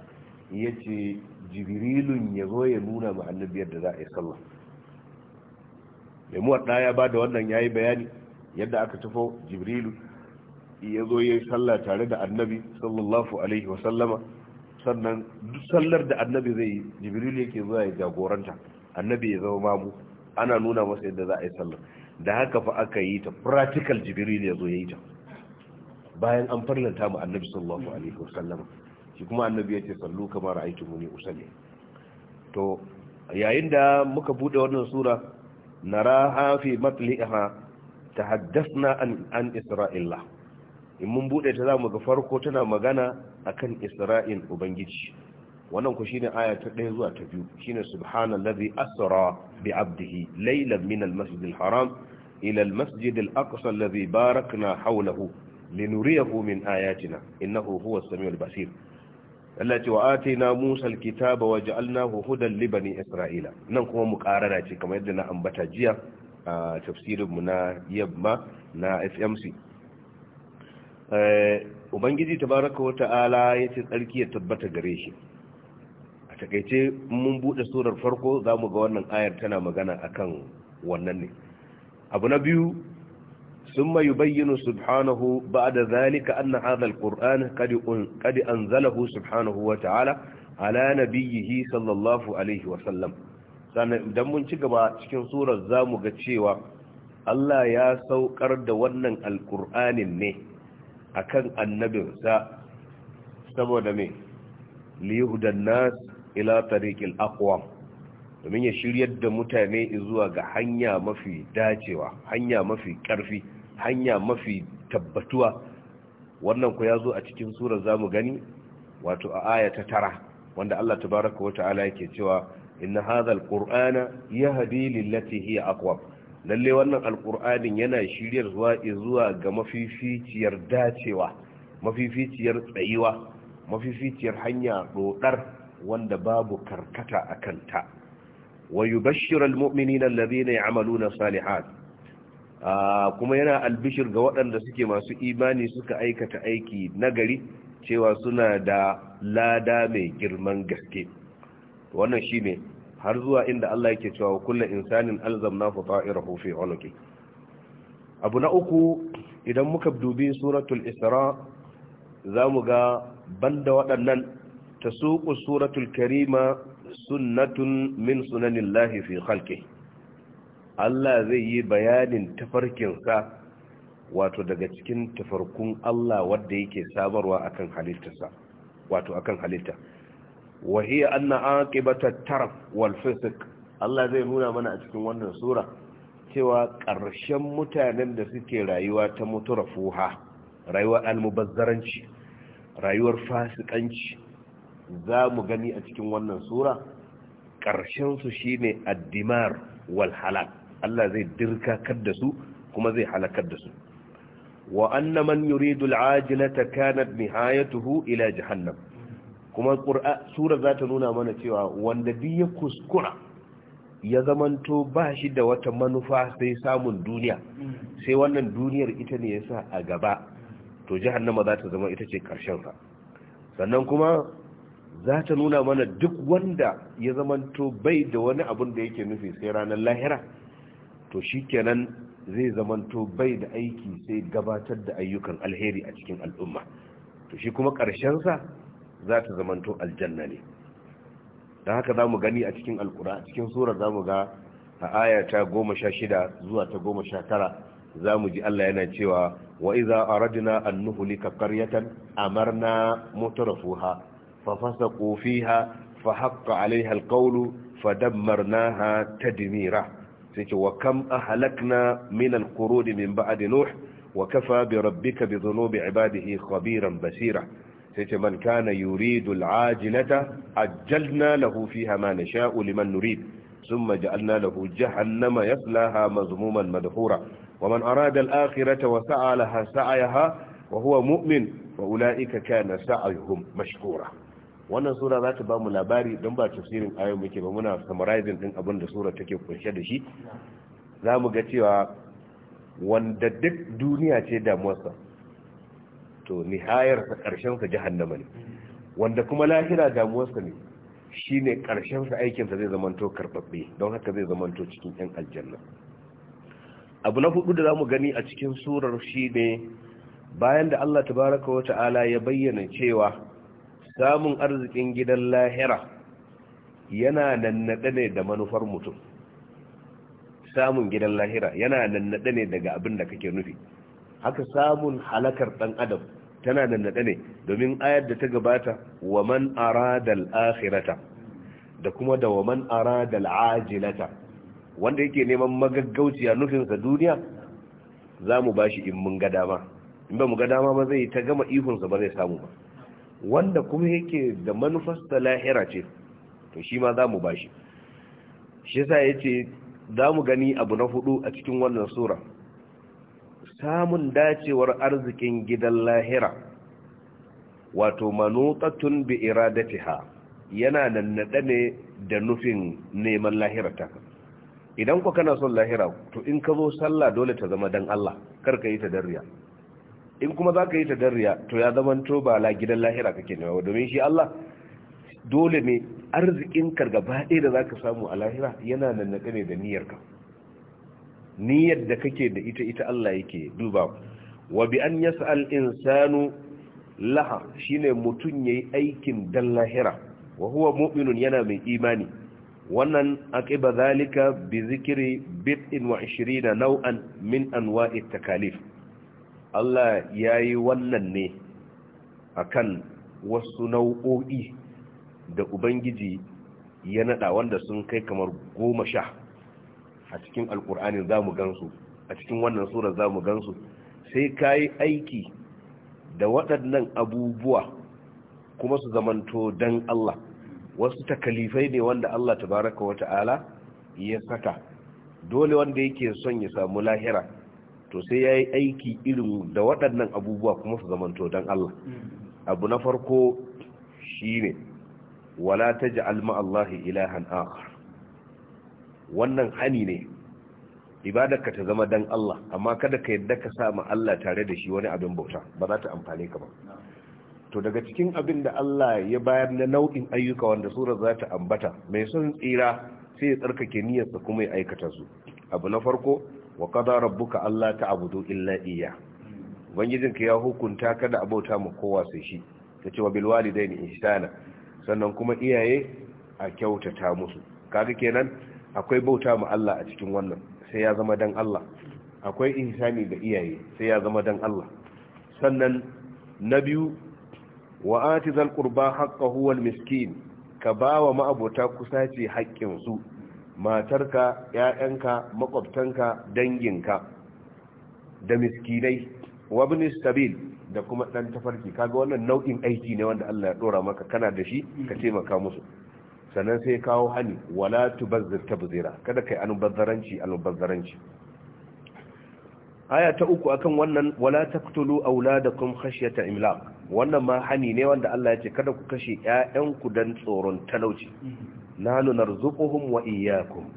ya ce jibirilun ya zo ya nuna ma annabi da za a yi sallah mai muwaɗa ya ba da wannan ya yi bayani yadda aka tafo jibrilu ya zo ya yi sallah tare da annabi sallallahu alaihi wasallama sannan duk sallar da annabi zai yi jibril yake zuwa ya jagoranta annabi ya zama mamu ana nuna masa yadda za a yi sallar da haka fa aka yi ta practical jibril ya zo ya yi ta bayan an farlanta mu annabi sallallahu alaihi wasallama shi kuma annabi ya ce sallu kamar ra'aytumuni usalli to yayin da muka bude wannan sura naraha fi matliha tahaddathna an an isra'illah in mun buɗe ta za mu ga farko tana magana akan isra'il ubangiji wannan ku shine aya ta 1 zuwa ta 2 shine subhanallazi asra bi abdihi laylan min almasjidil haram ila almasjidil aqsa allazi barakna hawlahu linuriyahu min ayatina innahu huwas samiul basir Allah ce wa atina Musa alkitaba wa ja'alnahu hudan li bani Isra'ila nan kuma mu karara ce kamar yadda na ambata jiya a tafsirin mu na yamma na FMC Eh, ubangiji tabaraka wa ta'ala ya ce tsarki ya tabbata gare shi a takaice mun buɗe surar farko za mu ga wannan ayar tana magana akan wannan ne abu na biyu sun bayyana an na سبحانه بعد ذلك أن هذا القرآن subhanahu wa ta'ala ala na نبيه sallallahu alaihi wasallam sannan idan mun ci gaba cikin surar mu ga cewa Allah ya saukar da wannan alkur'anin ne akan annabinsa saboda me liyudan nas ila tariqil aqwam domin ya shiryar da mutane zuwa ga hanya mafi dacewa hanya mafi karfi hanya mafi tabbatuwa wannan ku yazo a cikin sura zamu gani wato a aya ta tara wanda Allah tabaaraka wa ta'ala yake cewa inna hadha alqur'ana yahdi lillati hiya aqwam lalle wannan alkur'anin yana shiryar zuwa ga mafificiyar dacewa mafificiyar tsayiwa mafificiyar hanya dodar wanda babu karkata a kanta wa yubashshiru almu'minina alladhina ya'maluna salihat ah, kuma yana albishir ga waɗanda suke masu imani suka aikata aiki nagari cewa suna da lada mai girman gaske wannan shine har zuwa inda Allah yake cewa wa kullu insanin fa ta'irahu fi 'unuki abu na uku idan muka dubi suratul isra zamu ga banda waɗannan tasuqu suratul karima sunnatun min sunanillahi fi khalqi Allah zai yi bayanin tafarkinsa wato daga cikin tafarkun Allah wanda yake sabarwa akan halittarsa wato akan halitta wa hiya anna aqibata tarf wal fisq Allah zai nuna mana a cikin wannan sura cewa ƙarshen mutanen da suke rayuwa ta mutarafuha rayuwar almubazzaranci rayuwar fasikanci za mu gani a cikin wannan sura ƙarshen su shine addimar wal halak Allah zai dirka da su kuma zai halakar da su wa anna man yuridu al'ajilata kanat nihayatuhu ila jahannam kuma sura za ta nuna mana cewa wanda duk ya kuskura ya zamanto ba shi da wata manufa sai samun duniya sai wannan duniyar ita ne ya sa a gaba to jihannama za ta zama ita ce ƙarshensa sannan kuma za ta nuna mana duk wanda ya zamanto bai da wani abin da yake nufi sai ranar lahira to shi kenan zai zamanto bai da aiki sai gabatar da ayyukan alheri a cikin al'umma to shi kuma ƙarshensa za ta zamanto aljanna ne don haka za mu gani a cikin alkura a cikin surar za mu ga a ayata goma sha shida zuwa ta goma sha tara za mu ji Allah yana cewa wa iza aradna an nuhlika qaryatan amarna mutrafuha fa kofi ha fa haqqa 'alayha al-qawlu fadammarnaha tadmira sai ce wa kam ahlakna min al-quruni min ba'adinu wa kafa bi rabbika bi dhunubi 'ibadihi khabiran basira sai ce man kana yuridu al'ajilata ajjalna lahu fiha ma nasha'u liman nurid thumma ja'alna lahu jahannama yaslaha mazmuman madhura wa man arada al-akhirata wa sa'a laha sa'ayaha wa huwa mu'min wa ulaika kana sa'yuhum mashkura wannan sura za ta bamu labari don ba tafsirin ayon muke ba muna summarizing din abin da sura take kunshe da shi za mu ga cewa wanda duk duniya ce damuwarsa to nihayar sa karshen sa jahannama ne wanda kuma lahira damuwar sa ne shine karshen sa aikin sa zai zamanto karbabbe don haka zai zamanto cikin yan aljanna abu na hudu da zamu gani a cikin surar shine bayan da Allah tabaraka wa ta'ala ya bayyana cewa samun arzikin gidan lahira yana nan nade ne da manufar mutum samun gidan lahira yana nan nade ne daga abin da kake nufi haka samun halakar ɗan adam tana nannaɗe ne domin ayar da ta gabata wa man aradal akhirata da kuma da wa man aradal ajilata wanda yake neman magaggauciya nufinsa duniya za mu bashi in mun ga dama in ba mu ga dama ba zai ta gama ihunsa ba zai samu ba wanda kuma yake da manufarsa lahira ce to shi ma za mu bashi shi yasa yace za mu gani abu na hudu a cikin wannan sura samun dacewar arzikin gidan lahira wato manutatun bi iradatiha yana nannaɗe ne da nufin neman lahira ta idan ku kana son lahira to in ka zo sallah dole ta zama dan Allah kar ka yi ta dariya. in kuma za ka yi ta dariya, to ya zama to ba la gidan lahira kake nema domin shi Allah dole ne arzikin kargaba ɗaya da za ka samu a lahira yana nannaɗe ne da niyyarka niyyar da kake da ita ita Allah yake duba wa bi an yas'al insanu laha shine mutun yayi aikin dan lahira wa huwa mu'minun yana mai imani wannan aqiba zalika bi zikri bid'in wa 20 naw'an min anwa'i takalif Allah yayi wannan ne akan wasu nau'o'i da ubangiji ya nada wanda sun kai kamar goma sha a cikin alkur'ani za mu gansu a cikin wannan sura za mu gansu sai ka yi aiki da waɗannan abubuwa kuma su zamanto don Allah wasu takalifai ne wanda Allah tabaraka wa ta'ala ya saka dole wanda yake son ya samu lahira to sai ya yi aiki irin da waɗannan abubuwa kuma su zamanto don Allah abu na farko shi ne wala ta ji alma Allah ilahan akhar wannan hani ne ibadarka ta zama dan Allah amma kada ka yadda ka sa Allah tare da shi wani abin bauta ba za ta amfane ka ba to daga cikin abin da Allah ya bayar na nau'in ayyuka wanda surar za ta ambata mai son tsira sai ya tsarkake niyyarsa kuma ya aikata su abu na farko wa qadara rabbuka alla ta'budu illa ubangijin ka ya hukunta kada abauta ma kowa sai shi kace wa bil walidaini ihsana sannan kuma iyaye a kyautata musu kaga kenan akwai bauta ma Allah a cikin wannan sai ya zama dan Allah akwai ihsani ga iyaye sai ya zama dan Allah sannan na biyu wa ati zal qurba haqqahu wal miskin ka bawa ma'abota kusa ce haƙƙin su matarka ƴaƴanka makwabtanka danginka da miskinai wa ibn sabil da kuma dan tafarki kaga wannan nau'in aiki ne wanda Allah ya dora maka kana da shi ka taimaka musu sannan sai kawo hani wala tubazzir tabzira kada kai almubazzaranci almubazzaranci aya ta uku akan wannan wala taqtulu auladakum khashyata imlaq wannan ma hani ne wanda Allah ya ce kada ku kashe ƴaƴanku dan tsoron talauci nanu narzuquhum wa iyyakum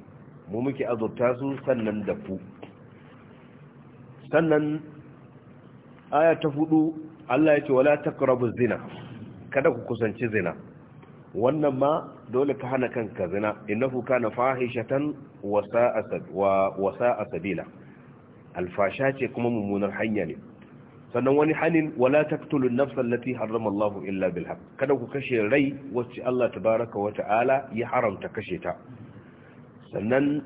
mu muke azurta su sannan da ku sannan aya ta hudu Allah ya ce wala taqrabu zina kada ku kusanci zina wannan ma dole ka hana kanka zina innahu kana fahishatan wa a wa sabila alfasha ce kuma mummunar hanya ne sannan wani hanin wala taqtulun nafsa allati harrama Allah illa bil haqq kada ku kashe rai wacce Allah tabaaraka wa ta'ala ya haramta kashe ta sannan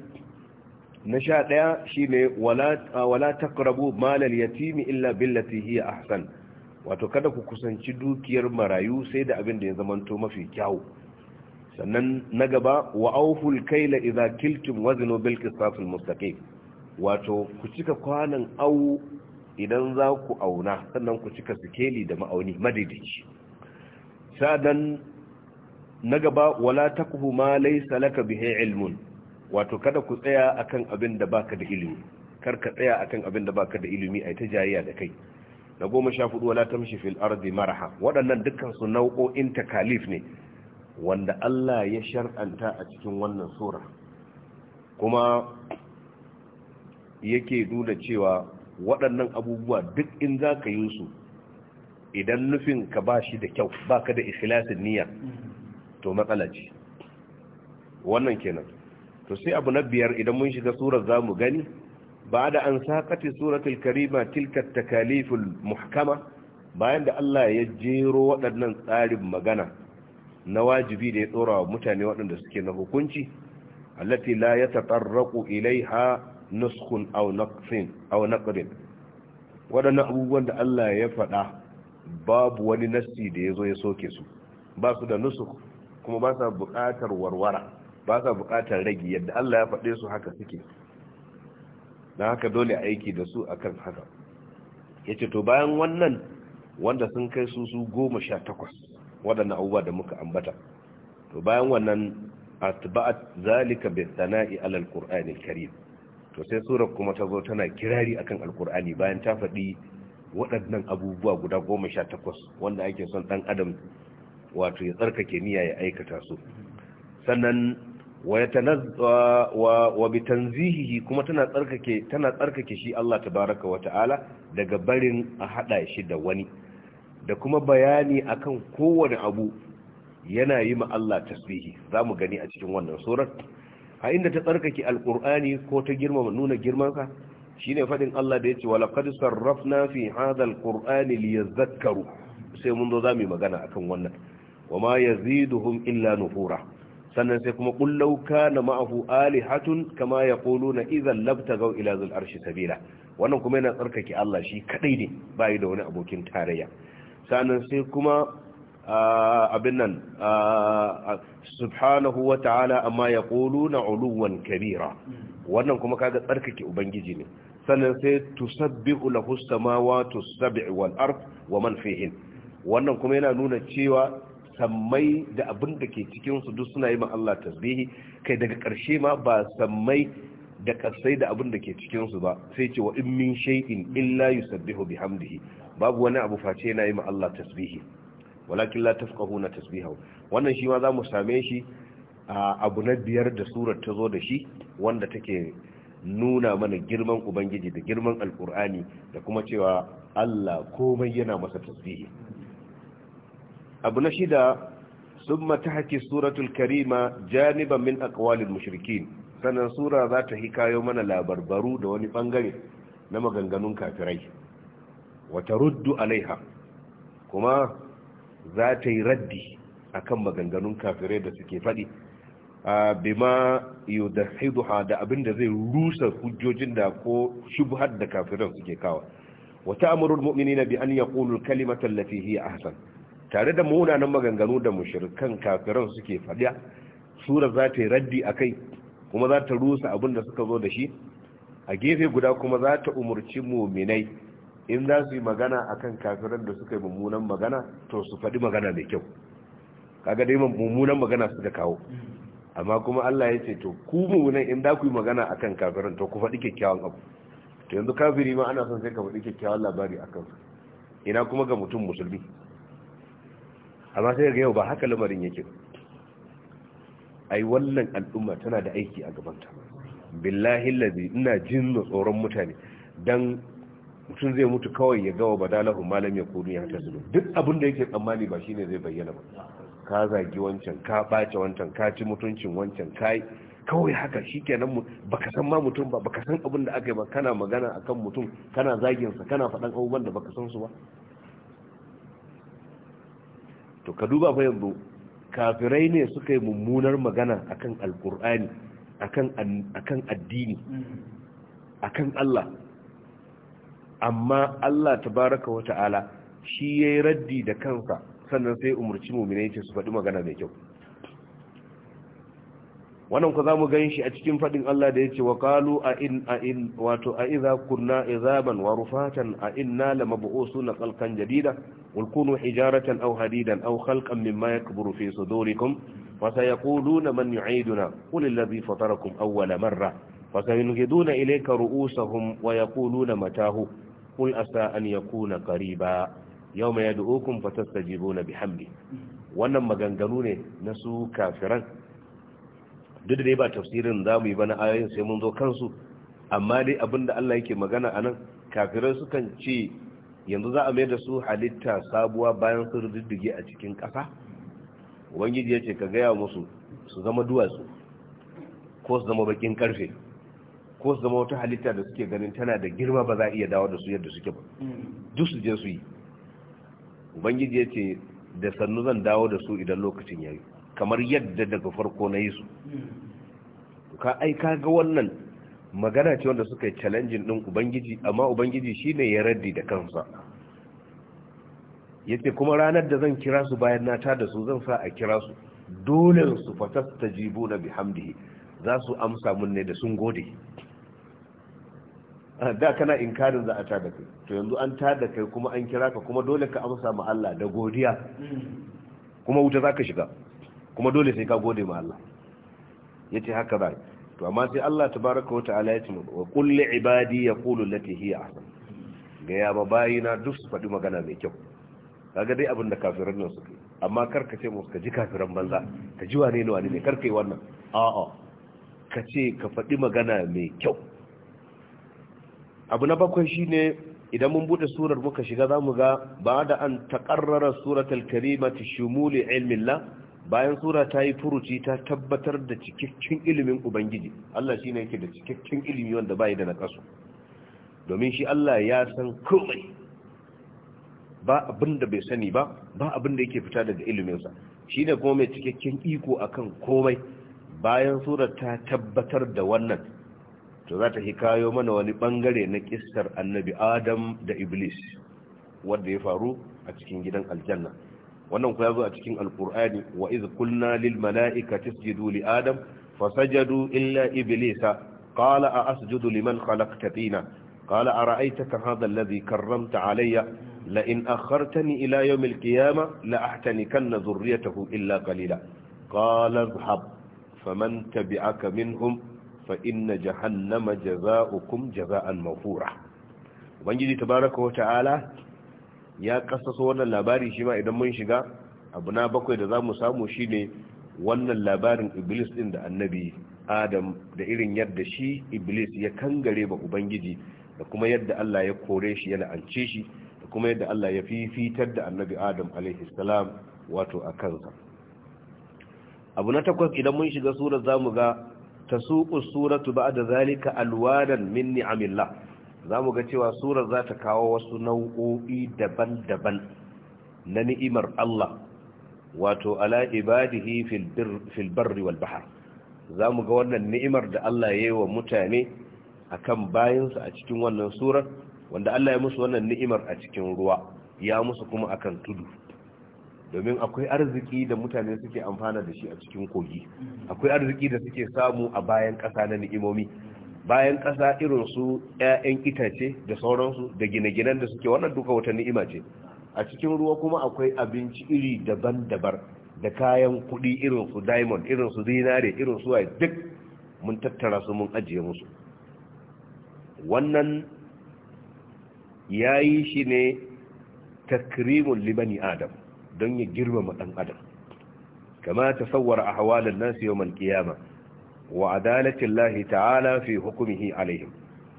na sha daya shine wala wala taqrabu mal al yatim illa billati hiya ahsan wato kada ku kusanci dukiyar marayu sai da abin da ya zamanto mafi kyau sannan na gaba wa auful kaila idza kiltum wazinu bil al mustaqim wato ku cika kwanan au idan za ku auna sannan ku cika sikeli da ma'auni madidici sadan na gaba wala takfu ma laysa laka bihi ilmun wato kada ku tsaya akan abin da baka da ilimi kar ka tsaya akan abin da baka da ilimi ai ta jayayya da kai na goma sha fudu wala tamshi fil ardi marha waɗannan dukkan su nau'o'in takalif ne wanda Allah ya shar'anta a cikin wannan sura kuma yake nuna cewa waɗannan abubuwa duk in za ka yi su idan nufin ka ba shi da kyau ba ka da ikhlasin niyya to matsala ce wannan kenan to sai abu na biyar idan mun shiga surar za mu gani ba da an saƙati suratul karima tilka takalifin muhkama bayan da Allah ya jero waɗannan tsarin magana na wajibi da ya tsora wa mutane waɗanda suke na hukunci allati la ya ilai ilaiha nuskun au naƙarin waɗannan abubuwan da Allah ya faɗa babu wani nassi da ya zo ya soke su ba su da nusuk kuma ba sa buƙatar warwara ba sa buƙatar ragi. yadda Allah ya faɗe su haka suke na haka dole aiki da su akan haka ya ce to bayan wannan wanda sun kai su su goma sha takwas waɗannan abubuwa da muka ambata to bayan wannan atba'at zalika bi sana'i ala alquran alkarim to sai surar kuma ta zo tana kirari akan Alƙur'ani, bayan ta faɗi waɗannan abubuwa guda goma sha takwas wanda ake son ɗan adam wato ya tsarkake niyya ya aikata su sannan wa bi tanzihihi kuma tana tsarkake tana tsarkake shi Allah tabaraka wa ta'ala daga barin a hada shi da wani da kuma bayani akan kowane abu yana yi ma Allah tasbihi mu gani a cikin wannan surar a inda ta tsarkake Alkur'ani ko ta girmama nuna girmansa shine faɗin Allah da yace walaqad sarrafna fi hadha alqur'ani liyadhakkaru sai mun zo zamu magana kan wannan wama yaziduhum illa nufura sannan sai kuma kullau kana ma'ahu alihatun kama yaquluna idhan labtagaw ila zil arshi sabila wannan kuma yana tsarkake Allah shi kaɗai ne bayi da wani abokin tarayya sannan sai kuma abin nan subhanahu wa ta'ala amma ya na uluwan kabira wannan kuma kaga tsarkake ubangiji ne sanan sai tusabbihu lahu samawati sab'i wal ard wa man fihin wannan kuma yana nuna cewa sammai da abin da ke cikin su duk suna yi ma Allah tasbihi kai daga ƙarshe ma ba sammai da kasai da abin da ke cikin su ba sai ce wa in min shay'in illa yusabbihu bihamdihi babu wani abu face yana yi ma Allah tasbihi walakin la tafqahuna tasbihau wannan shi ma za mu same shi a abu na biyar da surar ta zo da shi wanda take nuna mana girman ubangiji da girman alkur'ani da kuma cewa Allah komai yana masa tasbihi abu na shida summa tahki suratul karima janiban min aqwalil mushrikin sannan sura za ta hikayo mana labarbaru da wani bangare na maganganun kafirai wata ruddu alaiha kuma za ta yi raddi akan maganganun kafirai da suke faɗi ma yudhiduha da da abinda zai rusa hujjojin da ko shubhar da kafiran suke kawa Wata wa mu'mini na bi an yaqulu alkalimata tallafi hiya hasan tare da munanan maganganu da mushirikan kafiran suke a sura za ta raddi kai kuma za ta rusa abinda suka zo da shi a gefe guda kuma za ta umurci mu'minai in za su yi magana a kan kafiran da suka yi mummunan magana to su faɗi magana mai kyau kaga dai mummunan magana suka kawo amma kuma Allah ya ce to ku mummunan in za ku yi magana a kan kafiran to ku faɗi kyakkyawan abu to yanzu kafiri ma ana son sai ka faɗi kyakkyawan labari a kansu. ina kuma ga mutum musulmi amma sai ga yau ba haka lamarin yake ai wannan al'umma tana da aiki a gabanta billahi lazi ina jin tsoron mutane dan mutum zai mutu kawai ya gawa badalahu malam ya kudu ya tazulo duk abin da yake tsammani ba shine zai bayyana ba ka zagi wancan ka bace wancan ka ci mutuncin wancan kai kawai haka shikenan baka san ma mutum ba baka san abin da aka yi ba kana magana akan mutum kana zaginsa? kana faɗan abubuwan da baka san su ba to ka duba fa yanzu kafirai ne suka yi mummunar magana akan alkur'ani akan addini akan Allah amma Allah tabaraka wa ta'ala shi yayi raddi da kansa sannan sai umarci mu'minai ce su faɗi magana mai kyau wannan ku zamu gan shi a cikin faɗin Allah da yace wa qalu a in a in wato a idza kunna izaban wa rufatan a inna lamab'usuna khalqan jadida qul hijaratan aw hadidan aw khalqan mimma yakburu fi sudurikum wa sayaquluna man yu'iduna qul alladhi fatarakum awwala marra فسينهدون إليك رؤوسهم na matahu. kul asa an yakuna qariba yawma yad'ukum fatastajibuna bihamdi wannan maganganu ne na su kafiran duk da dai ba tafsirin zamu yi ba na ayoyin sai mun zo kansu amma dai abinda Allah yake magana anan kafirai sukan ce yanzu za a mai da su halitta sabuwa bayan sun riddige a cikin ƙasa ubangiji ya ce ka gaya musu su zama duwatsu ko su zama bakin karfe ko su zama wata halitta da suke ganin tana da girma ba za a iya dawo da su yadda suke ba hmm. duk su je su yi ubangiji ya ce da sannu zan dawo da su idan lokacin ya yi kamar yadda daga farko na yi su hmm. ka ai ka ga wannan magana ce wanda suka yi challenging din ubangiji amma ubangiji shine ya raddi da kansa yace kuma ranar da zan kira su bayan na ta da su zan sa a kira su dole su jibu na bihamdihi za su amsa mun ne da sun gode da kana inkarin za a tada kai to yanzu an tada kai kuma an kira ka kuma dole ka amsa ma Allah da godiya kuma wuta zaka shiga kuma dole sai ka gode ma Allah yace haka ba to amma sai Allah tabaaraka wa ta'ala yace wa qul li ibadi yaqulu allati hiya ahsan ga ya ba bayina duk su faɗi magana mai kyau kaga dai abin da kafiran nan suke amma kar ka ce mu ka ji kafiran banza ka ji wane ne wane ne kar kai wannan a'a ka ce ka faɗi magana mai kyau abu na bakwai shine idan mun bude surar muka shiga zamu ga ba da an taqarrara Karima ta shumuli ilmillah bayan sura ta yi furuci ta tabbatar da cikakken ilimin ubangiji Allah shine yake da cikakken ilimi wanda bai da nakasu domin shi Allah ya san komai ba abin da bai sani ba ba abin da yake fita daga iliminsa shi ne kuma mai cikakken iko akan komai bayan sura ta tabbatar da wannan to za ta hikayo mana wani bangare na kissar annabi adam da iblis wadda ya faru a cikin gidan aljanna wannan ku zo a cikin alkur'ani wa iz kulna lil mala'ikati isjudu li adam fasajadu illa iblisa qala a asjudu liman khalaqta tina qala ara'aytaka hadha alladhi karramta alayya la in akhartani ila yawm alqiyamah la ahtanikanna dhurriyyatahu illa qalila qala dhhab faman tabi'aka minhum fa inna jahannama jaza'ukum jaza'an mafura ubangiji tabaraka wa ta'ala ya kasasa wannan labari shi ma idan mun shiga abu na bakwai da zamu samu shine wannan labarin iblis ɗin da annabi adam da irin yadda shi iblis ya kangare ba ubangiji da kuma yadda Allah ya kore shi ya la'ance shi da kuma yadda Allah ya fifitar da annabi adam alaihi salam wato a kansa abu na takwas idan mun shiga surar zamu ga tasuqu suratu ba'da zalika alwanan min ni'amillah zamu ga cewa surar za ta kawo wasu nau'o'i daban-daban na ni'imar Allah wato ala ibadihi fil fil barri wal bahr zamu ga wannan ni'imar da Allah ya yi wa mutane akan bayansa a cikin wannan surar wanda Allah ya musu wannan ni'imar a cikin ruwa ya musu kuma akan tudu domin akwai arziki da mutane suke amfana da shi a cikin kogi akwai arziki da suke samu a bayan ƙasa na ni'imomi bayan ƙasa irin su 'ya'yan itace da sauransu da gine-ginen da suke wannan duka wata ni'ima ce a cikin ruwa kuma akwai abinci iri daban-daban da kayan kuɗi irin su diamond irin su zinare irin su waye duk mun tattara su mun ajiye musu wannan yayi shi ne takrimun libani adam don ya girmama ɗan adam kama ta sawwara a hawalin nasu yau malkiyama wa lahi ta'ala fi hukumihi alaihim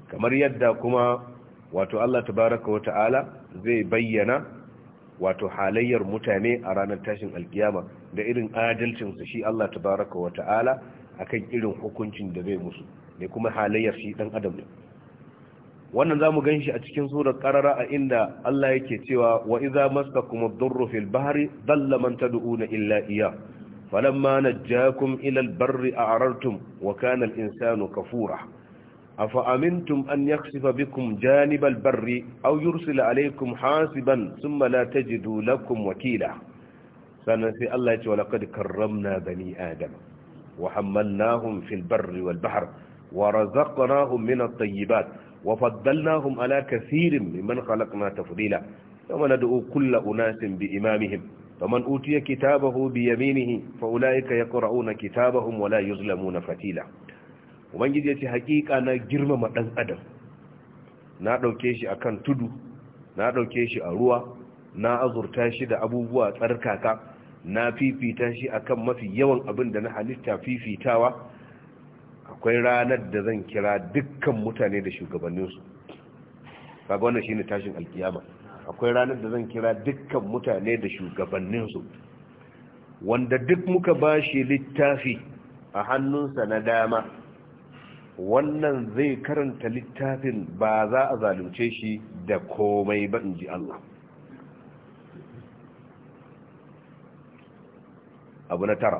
kamar yadda kuma wato Allah tabaraka wa ta'ala zai bayyana wato halayyar mutane a ranar tashin alkiyama da irin adalcinsu shi Allah tabaraka wa ta'ala akan irin hukuncin da zai musu ne kuma halayyar shi ɗan adam ne wannan zamu ganshi a cikin surar karara a inda Allah yake cewa wa iza masakum kuma durru fil bahri dalla man illa iya falamma najjakum ila al-barri a'rartum wa kana al-insanu kafura afa amintum an yaksifa bikum janibal barri aw yursila hasiban thumma la jidu lakum wakila sannan sai Allah ya ce wa laqad karramna bani adam wa hamalnahum fil barri wal bahr ورزقناهم من الطيبات wa faddalnahum ala kathirin mimman khalaqna na kama nad'u kulla unasin bi imamihim faman utiya kitabahu bi yaminihi fa ulaika yaqra'una kitabahum wa la yuzlamuna fatila ubangiji yace hakika na girmama ɗan adam na ɗauke shi akan tudu na ɗauke shi a ruwa na azurta shi da abubuwa tsarkaka na fifita shi akan mafi yawan abin da na halitta fifitawa akwai ranar da zan kira dukkan mutane da shugabanninsu kaga wannan shine tashin alkiyama akwai ranar da zan kira dukkan mutane da shugabanninsu wanda duk muka ba shi littafi a hannunsa na dama wannan zai karanta littafin ba za a zalunce shi da komai ba in ji Allah abu na tara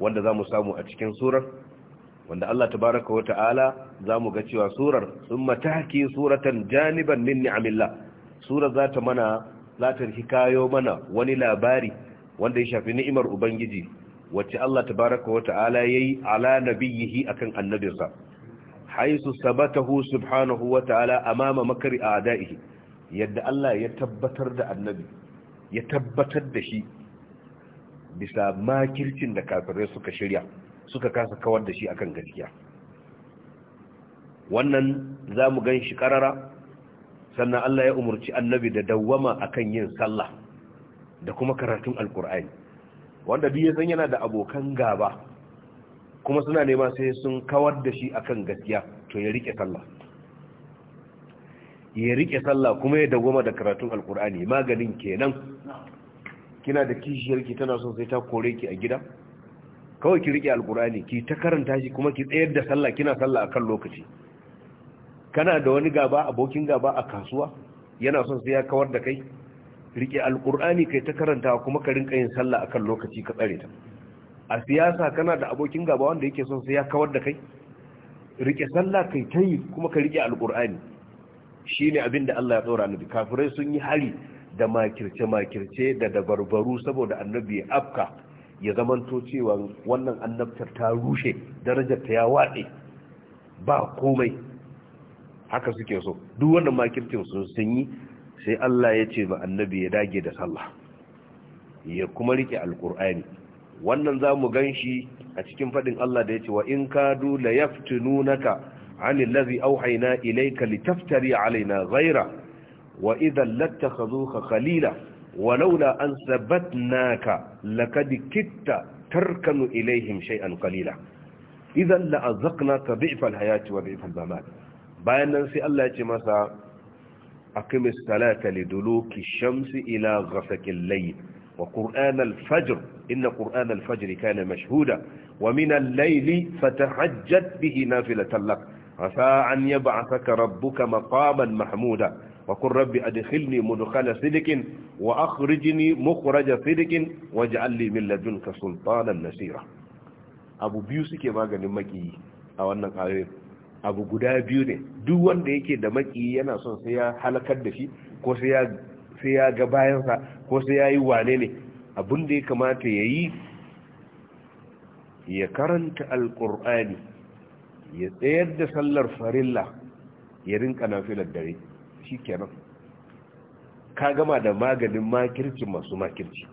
wanda za mu samu a cikin surar wanda Allah tabaraka wa ta'ala zamu ga cewa surar sun mataki suratan janiban min ni'amillah za ta mana ta hikayo mana wani labari wanda ya shafi ni'imar ubangiji wacce Allah tabaraka wa ta'ala yayi ala a akan annabinsa haisu sabatahu subhanahu wa ta'ala amama makari a'da'ihi yadda Allah ya tabbatar da annabi ya tabbatar da shi bisa makircin da kafirai suka shirya suka kasa kawar da shi akan gaskiya wannan za mu gan shi karara sannan Allah ya umarci annabi da dawwama akan yin sallah da kuma karatun alkur'ani wanda biyu ya san yana da abokan gaba kuma suna nema sai sun kawar da shi akan gaskiya to ya rike sallah ya rike sallah kuma ya dawwama da karatun alkur'ani maganin kenan kina da kishiyarki tana son sai ta kore ki a gida kawai ki rike alkur'ani ki ta karanta shi kuma ki tsayar da sallah kina sallah akan lokaci kana da wani gaba abokin gaba a kasuwa yana son sai ya kawar da kai rike alkur'ani kai ta karanta kuma ka rinka yin sallah akan lokaci ka tsare ta a siyasa kana da abokin gaba wanda yake son sai ya kawar da kai rike sallah kai ta yi kuma ka rike alkur'ani shine abin da Allah ya tsora ni kafirai sun yi hari da makirce makirce da dabarbaru saboda annabi ya afka ya zamanto cewa wannan annabtar ta rushe darajar ta ya waɗe ba komai haka suke so duk wannan makircin sun sun yi sai Allah ya ce ba annabi ya dage da sallah ya kuma rike alkur'ani wannan za mu gan shi a cikin faɗin Allah da ya ce wa in ka ilai la yaftununaka a الذي أوحينا إليك لتفتري علينا غيره وإذا ka khalila ولولا أن ثبتناك لقد كدت تركن إليهم شيئا قليلا إذا لأذقناك بعف الحياة وضعف الممات بأن ننسي الله يتمسى أقم الصلاة لدلوك الشمس إلى غسك الليل وقرآن الفجر إن قرآن الفجر كان مشهودا ومن الليل فتحجت به نافلة لك عسى أن يبعثك ربك مقاما محمودا فقل رب أدخلني مدخل صدق وأخرجني مخرج waje واجعل لي من لدنك سلطانا نسيرا أبو بيوسك يباغا نمكي أو أنك عارف abu guda biyu ne duk wanda yake da maki yana son sai ya halakar da shi ko sai ya ga bayansa ko sai ya yi wane ne abin da ya kamata ya yi ya karanta alkur'ani ya tsayar da sallar farilla ya rinka nafilar dare shi kenan ka gama da maganin makircin masu makirci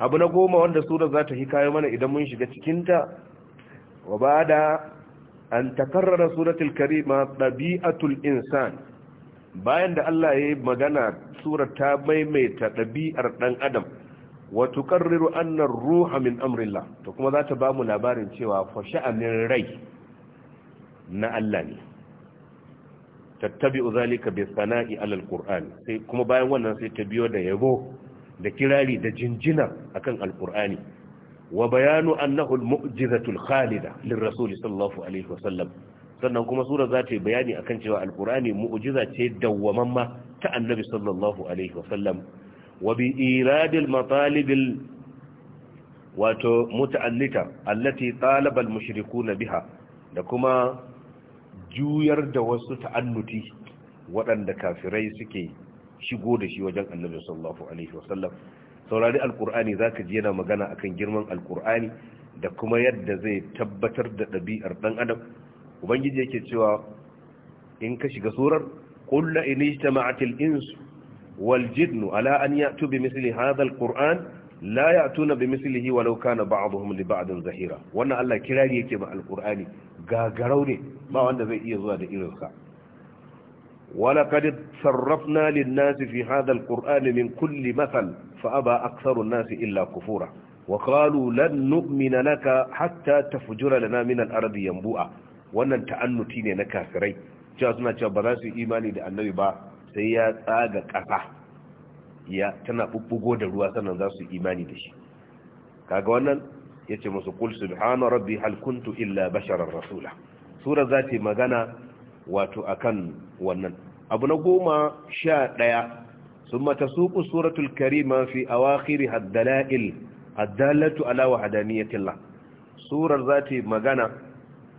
abu na goma wanda sura za ta hikaye mana idan mun shiga cikinta wa ba da an takarrara suratul karima dabi'atul insan bayan da Allah ya yi magana surar ta maimaita ɗabi'ar ɗan adam wa tukarriru annar ruha min amrillah to kuma za ta ba mu labarin cewa fa sha'anin rai na Allah ne tattabi'u zalika bi sana'i alal qur'an sai kuma bayan wannan sai ta biyo da yabo da kirari da jinjina akan alqur'ani wa bayanu annahu almu'jizatul khalida lirrasul sallallahu alaihi wasallam sannan kuma sura za ta yi bayani akan cewa alqur'ani mu'jiza ce dawwamamma ta annabi sallallahu alaihi wasallam wa bi iradil matalibil wato muta'allita allati talaba almushrikuuna biha da kuma juyar da wasu ta'annuti waɗanda kafirai suke shigo da shi wajen annabi sallallahu alaihi wasallam saurari alkur'ani zaka ji yana magana akan girman alkur'ani da kuma yadda zai tabbatar da ɗabi'ar ɗan adam ubangiji yake cewa in ka shiga surar kulla in ijtama'at al-ins wal jinn ala an ya'tu bi misli hadha al la ya'tuna bi mislihi walau kana ba'dhum li ba'din zahira wannan Allah kirari yake ma alkur'ani gagarau ne ba wanda zai iya zuwa da irinsa ولقد صرفنا للناس في هذا القرآن من كل مثل فأبى أكثر الناس إلا كفورا وقالوا لن نؤمن لك حتى تفجر لنا من الأرض ينبوءا wannan ta'annuti ne na kafirai cewa suna cewa ba za su yi imani da annabi ba sai ya tsaga ƙasa tana da ruwa sannan za su imani da shi ce musu kul subhana rabbi hal kuntu illa basharar rasula sura za ta magana wato akan wannan abu na goma sha ɗaya sun mata suku suratul karima fi awakhiri haddala'il haddalatu ala wahdaniyatillah surar za ta magana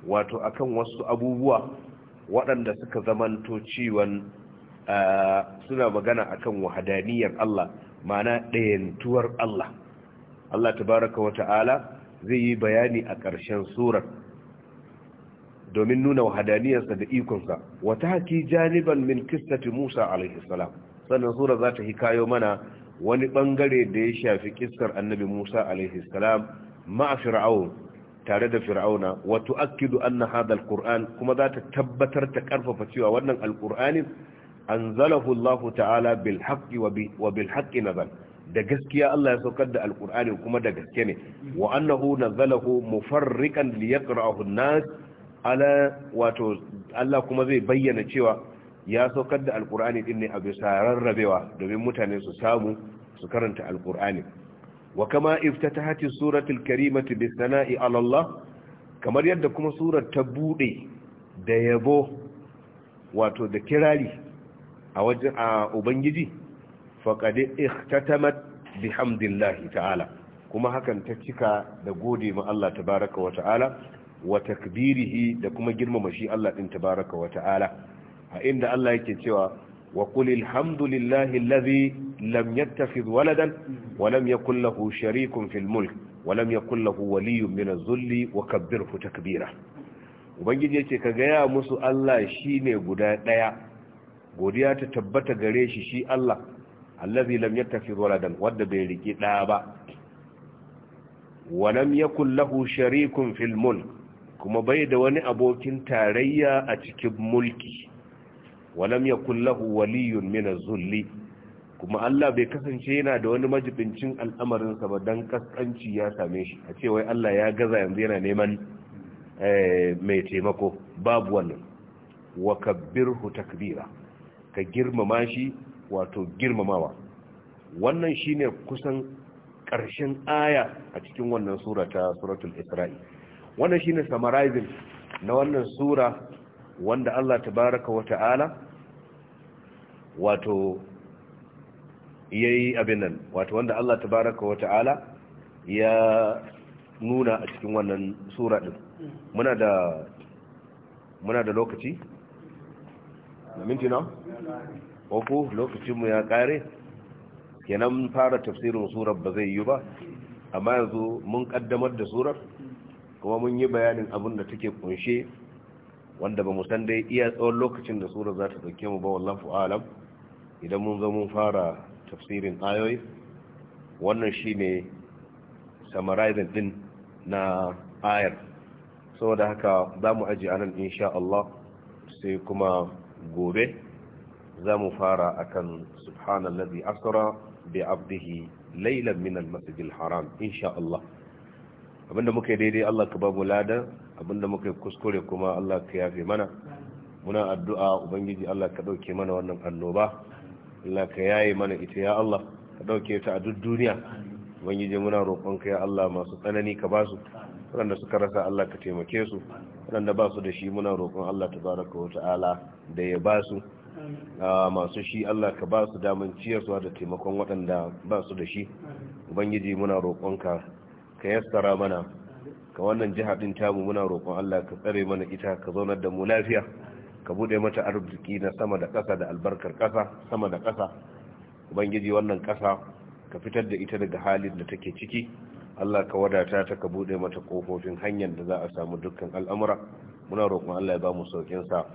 wato akan wasu abubuwa waɗanda suka zamanto ciwon suna magana akan wahadaniyar Allah ma'ana ɗayantuwar Allah Allah tabaraka wa ta'ala zai yi bayani a ƙarshen surar domin nuna wahadaniyarsa da ikonsa wata haki janiban min kistati musa alaihissalam sannan sura za ta hikayo mana wani bangare da ya shafi kistar annabi musa alaihissalam ma'a fir'aun tare da fir'auna wato akidu anna hada kuma za ta tabbatar ta karfafa cewa wannan alqur'anin anzalahu allah ta'ala bil haqqi wa bil haqqi nazal da gaskiya Allah ya saukar da alkur'ani kuma da gaske ne wa annahu nazzalahu mufarriqan liyaqra'ahu an-nas ala wato Allah kuma zai bayyana cewa ya saukar da alkur'ani din ne a bisa rarrabewa domin mutane su samu su karanta alkur'ani wa kama iftatahati suratul karimatu bisana'i ala Allah kamar yadda kuma surar ta bude da yabo wato da kirari a wajen a ubangiji faqad ikhtatamat bihamdillahi ta'ala kuma hakan ta cika da gode ma Allah tabaraka wa ta'ala wa takbirihi da kuma girmama shi Allah din tabaraka wa ta'ala a inda Allah yake cewa wa qul alhamdulillahi alladhi lam yattakhidh waladan wa lam yakul lahu sharikun fil mulk wa lam yakul lahu waliyyun min adh-dhulli wa kabbirhu takbira ubangiji yake ka gaya musu Allah shine guda daya godiya ta tabbata gare shi shi Allah allazi lam yattakhidh waladan wadda bai riki da ba wa lam yakul lahu sharikun fil mulk kuma bai da wani abokin tarayya a cikin mulki wa lam yakul lahu waliyun min az-zulli kuma Allah bai kasance yana da wani majibincin al'amarinsa ba dan kaskanci ya same shi a ce wai Allah ya gaza yanzu yana neman eh, mai taimako babu wannan wa kabbirhu takbira ka girmama shi wato girmamawa wannan shine kusan ƙarshen aya a cikin wannan sura ta suratul isra'i wannan shine summarizing na wannan sura wanda Allah tabaraka wa ta'ala wato yayi abin nan wato wanda Allah tabaraka wa ta'ala ya nuna a cikin wannan sura din muna da muna da lokaci minti na lokacin lokacinmu ya kare kenan fara tafsirin surar ba zai yi ba amma yanzu mun kaddamar da surar kuma mun yi bayanin abin da take kunshe wanda ba mu san dai iya tsawon lokacin da surar za ta dauke mu ba wallahu alam idan mun zo mun fara tafsirin ayoyi wannan shine summarizing din na ayar saboda haka za mu aji anan insha Allah sai kuma gobe za mu fara akan subhanallazi asura bi abdihi lailan min almasjidil haram insha Allah abinda muka daidai Allah ka babu lada abinda muka kuskure kuma Allah ka yafe mana muna addu'a ubangiji Allah ka dauke mana wannan annoba Allah ka yaye mana ita ya Allah ka dauke ta a duk duniya ubangiji muna roƙon ka ya Allah masu tsanani ka basu waɗanda suka rasa Allah ka taimake su waɗanda ba su da shi muna roƙon Allah tabaraka wa ta'ala da ya basu masu shi Allah ka ba su daman ciyarwa da taimakon waɗanda ba su da shi ubangiji muna roƙonka ka yassara mana ka wannan jiha ɗin tamu muna roƙon Allah ka tsare mana ita ka zaunar da mu lafiya ka buɗe mata arziki na sama da ƙasa da albarkar ƙasa sama da ƙasa ubangiji wannan ƙasa ka fitar da ita daga halin da take ciki Allah ka wadata ta ka buɗe mata ƙofofin hanyar da za a samu dukkan al'amura muna roƙon Allah ya ba mu sauƙinsa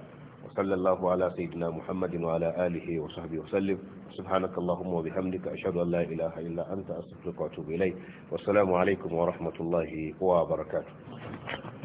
وصلى الله على سيدنا محمد وعلى آله وصحبه وسلم سبحانك اللهم وبحمدك أشهد أن لا إله إلا أنت أستغفرك وأتوب إليك والسلام عليكم ورحمة الله وبركاته